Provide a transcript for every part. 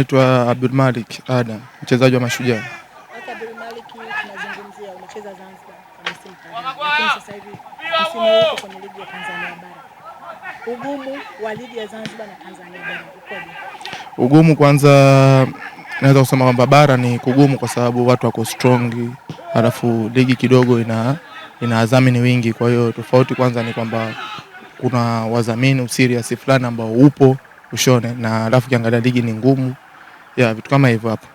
naitwa Abdul Malik Adam, mchezaji wa Mashujaa. Ugumu kwanza, naweza kusema kwamba bara ni kugumu kwa sababu watu wako strong, alafu ligi kidogo ina ina wadhamini wingi. Kwa hiyo tofauti kwanza ni kwamba kuna wadhamini usiriasi fulani ambao upo ushone na, alafu kiangalia ligi ni ngumu ya vitu kama hivyo hapo.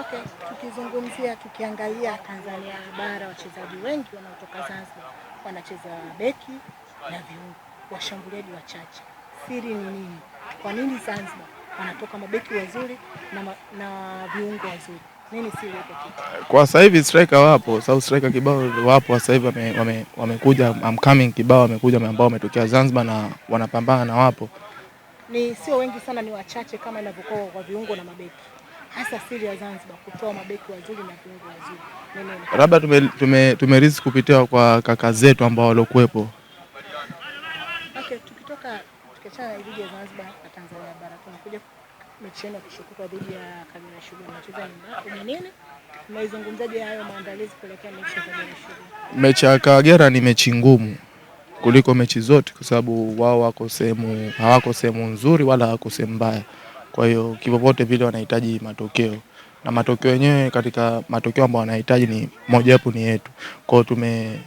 Okay, tukizungumzia tukiangalia Tanzania bara, wachezaji wengi wanaotoka Zanzibar wanacheza beki na viungo, washambuliaji wachache. Siri ni nini? Kwa nini Zanzibar wanatoka mabeki wazuri na, ma, na viungo wazuri? Nini siri yake? Kwa sasa hivi striker wapo, sababu striker kibao wapo sasa hivi wamekuja wame, wame, I'm coming kibao wamekuja ambao wametokea Zanzibar na wanapambana na wapo ni sio wengi sana, ni wachache kama inavyokuwa kwa viungo na mabeki, hasa siri ya Zanzibar kutoa mabeki wazuri na viungo wazuri. Labda tume, tume, tume kupitia kwa kaka zetu ambao waliokuwepo. Okay, tukitoka tukiachana ligi ya Zanzibar na Tanzania bara tunakuja mechi ya kushukuta dhidi ya Kagera Sugar tunacheza nyumbani. Mnaizungumzaje hayo maandalizi kuelekea mechi ya Kagera Sugar? Mechi ya Kagera ni mechi ngumu kuliko mechi zote, kwa sababu wao wako sehemu, hawako sehemu nzuri wala hawako sehemu mbaya. Kwa hiyo kivyovyote vile wanahitaji matokeo na matokeo yenyewe, katika matokeo ambayo wanahitaji ni mojawapo ni yetu. Kwa hiyo tume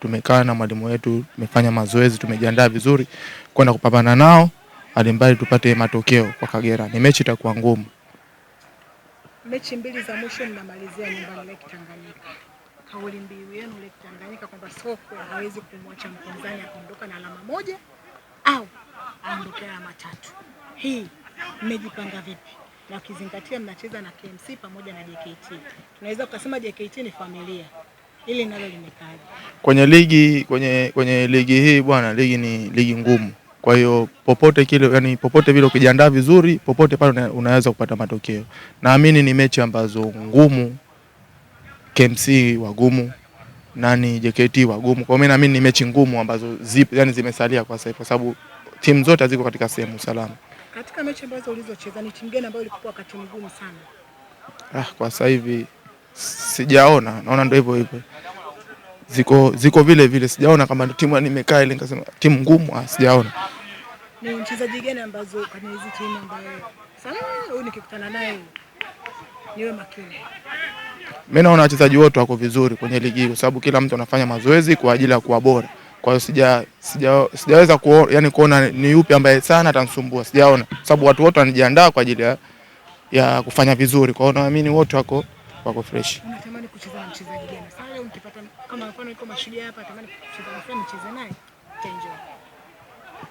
tumekaa na mwalimu wetu, tumefanya mazoezi, tumejiandaa vizuri kwenda kupambana nao hadi tupate matokeo kwa Kagera. Ni mechi itakuwa ngumu. Mechi mbili za mwisho mnamalizia nyumbani Lake Tanganyika kauli mbiu yenu ile Tanganyika kwamba sokwe hawezi kumwacha mpinzani akaondoka na alama moja au aondoke na alama tatu. Hii mmejipanga vipi? Na ukizingatia mnacheza na KMC pamoja na JKT, tunaweza kusema JKT ni familia ili nalo limekaa kwenye ligi kwenye, kwenye ligi hii bwana, ligi ni ligi ngumu. Kwa hiyo popote kile, yani popote vile ukijiandaa vizuri, popote pale unaweza kupata matokeo. Naamini ni mechi ambazo ngumu KMC wagumu nani JKT wagumu. Kwa mimi naamini ni mechi ngumu ambazo zipo yani zimesalia kwa sasa, kwa sababu timu zote ziko katika sehemu salama. Katika mechi ambazo ulizocheza ni timu gani ambayo ilikuwa kati ngumu sana? Ah, kwa sasa hivi sijaona, naona ndio hivyo hivyo ziko ziko vile vile, sijaona kama timu nimekaa ile nikasema timu ngumu. Ah, sijaona ni mchezaji gani ambazo kwenye hizi timu ambayo sana huyu nikikutana naye niwe makini mimi naona wachezaji wote wako vizuri kwenye ligi kwa sababu kila mtu anafanya mazoezi kwa ajili ya kuwa bora. Kwa hiyo sija, sija, sijaweza kuona yani kuona ni yupi ambaye sana atamsumbua, sijaona kwa sababu watu wote wanajiandaa kwa ajili ya, ya kufanya vizuri. Kwa hiyo naamini wote wako wako fresh. Unatamani kucheza na mchezaji gani? Sasa leo mkipata kama mfano iko mashujaa hapa, natamani kucheza na fulani,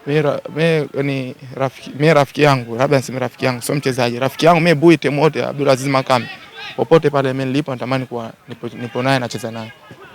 cheze naye. me, ni rafiki, me rafiki yangu labda nisemi rafiki yangu sio mchezaji, rafiki yangu me buite mote Abdulaziz Makame popote pale nilipo natamani kuwa nipo naye nacheza naye.